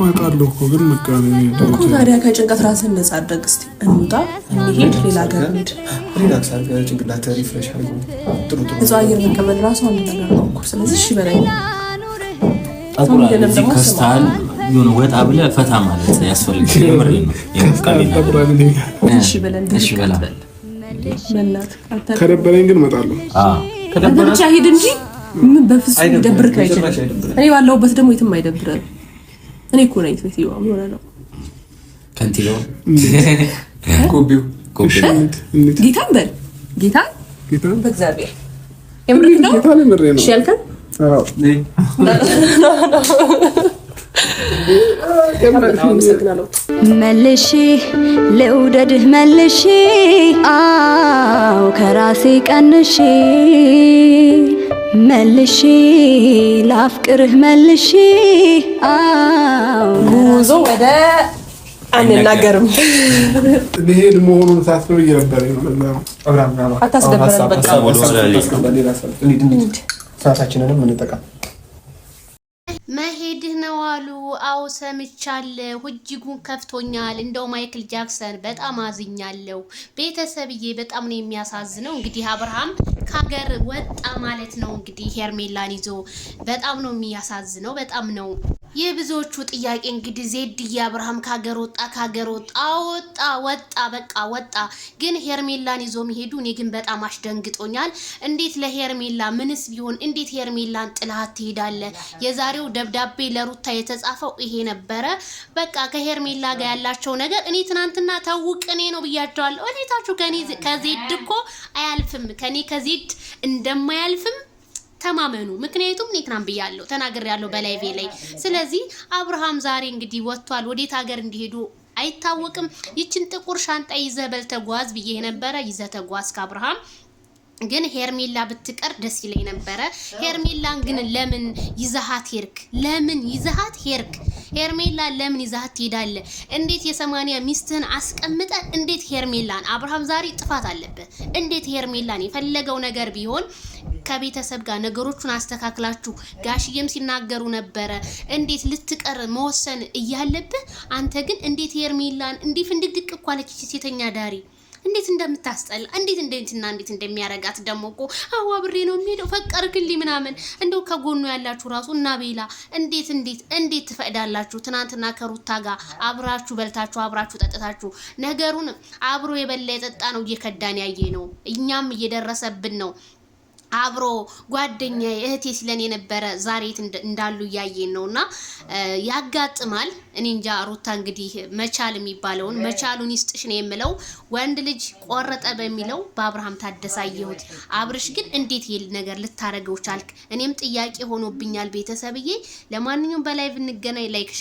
እወጣለሁ እኮ ግን እኮ። ታዲያ ከጭንቀት ራስን ነጻ አድርግ። እስኪ እንውጣ፣ እንሄድ፣ ሌላ ሀገር እንሂድ። ሪላክስ አድርገህ ጭንቅላትህ ሪፍሬሽ አድርገው። ጥሩ ጥሩ ንጹህ አየር መቀበል ራሱ አንድ ነገር ነው እኮ። ስለዚህ እሺ በለኝ። እዚህ የሆነ ወጣ ብለህ ፈታ ማለት ያስፈልግ። ከደበረኝ ግን እመጣለሁ። ብቻ ሂድ እንጂ ምን በፍጹም ይደብርህ አይችልም። እኔ ባለሁበት ደግሞ የትም አይደብረም። እኔ እኮ ነኝ ሴትዮዋ የሆነ ነው ጌታን በል መልሼ ልውደድህ መልሼ አው ከራሴ ቀንሼ መልሼ ላፍቅርህ መልሼ ከበደ አንናገርም ሊሄድ መሆኑን ሳስበው እየነበረ አታስደበረን። እንጠቀም መሄድህ ነው አሉ። አዎ ሰምቻለሁ። እጅጉን ከፍቶኛል። እንደው ማይክል ጃክሰን በጣም አዝኛለሁ። ቤተሰብዬ በጣም ነው የሚያሳዝነው። እንግዲህ አብርሃም ከሀገር ወጣ ማለት ነው። እንግዲህ ሄርሜላን ይዞ በጣም ነው የሚያሳዝነው። በጣም ነው የብዙዎቹ ጥያቄ እንግዲህ ዜድዬ አብርሃም ካገር ወጣ ካገር ወጣ ወጣ ወጣ በቃ ወጣ። ግን ሄርሜላን ይዞ መሄዱ እኔ ግን በጣም አስደንግጦኛል። እንዴት ለሄርሜላ ምንስ ቢሆን እንዴት ሄርሜላን ጥላት ትሄዳለ? የዛሬው ደብዳቤ ለሩታ የተጻፈው ይሄ ነበረ። በቃ ከሄርሜላ ጋር ያላቸው ነገር እኔ ትናንትና እኔ ነው ብያቸዋለሁ። እኔታችሁ ከኔ ከዜድ እኮ አያልፍም ከኔ ከዜድ እንደማያልፍም ተማመኑ። ምክንያቱም እኔ ትናንት ብያለሁ ተናግሬያለሁ በላይቬ ላይ። ስለዚህ አብርሃም ዛሬ እንግዲህ ወጥቷል። ወዴት ሀገር እንዲሄዱ አይታወቅም። ይችን ጥቁር ሻንጣ ይዘህ በል ተጓዝ ብዬ ነበረ። ይዘህ ተጓዝ ከአብርሃም ግን ሄርሜላ ብትቀር ደስ ይለኝ ነበረ። ሄርሜላን ግን ለምን ይዛሃት ሄርክ? ለምን ይዛሃት ሄርክ? ሄርሜላ ለምን ይዛሃት ትሄዳለህ? እንዴት የሰማንያ ሚስትህን አስቀምጠ እንዴት ሄርሜላን አብርሃም ዛሬ ጥፋት አለበት። እንዴት ሄርሜላን የፈለገው ነገር ቢሆን ከቤተሰብ ጋር ነገሮቹን አስተካክላችሁ ጋሽዬም ሲናገሩ ነበረ። እንዴት ልትቀር መወሰን እያለብህ አንተ ግን እንዴት ሄርሜላን እንዲህ ፍንድቅድቅ እኮ አለች ሴተኛ ዳሪ እንዴት እንደምታስጠላ እንዴት እንደንትና እንዴት እንደሚያረጋት ደግሞ እኮ አዋ ብሬ ነው የሚሄደው ፈቀር ምናምን እንደው ከጎኑ ያላችሁ ራሱ እና ቤላ እንዴት እንዴት እንዴት ትፈቅዳላችሁ? ትናንትና ከሩታ ጋር አብራችሁ በልታችሁ አብራችሁ ጠጥታችሁ ነገሩን አብሮ የበላ የጠጣ ነው እየከዳን ያየ ነው እኛም እየደረሰብን ነው። አብሮ ጓደኛ እህቴ ሲለን የነበረ ዛሬ እንዳሉ እያየን ነው እና ያጋጥማል። እኔ እንጃ ሩታ እንግዲህ መቻል የሚባለውን መቻሉን ይስጥሽ ነው የምለው። ወንድ ልጅ ቆረጠ በሚለው በአብርሃም ታደሳየሁት አብርሽ ግን እንዴት ይል ነገር ልታደረገው ቻልክ? እኔም ጥያቄ ሆኖብኛል ቤተሰብዬ። ለማንኛውም በላይ ብንገናኝ ላይክ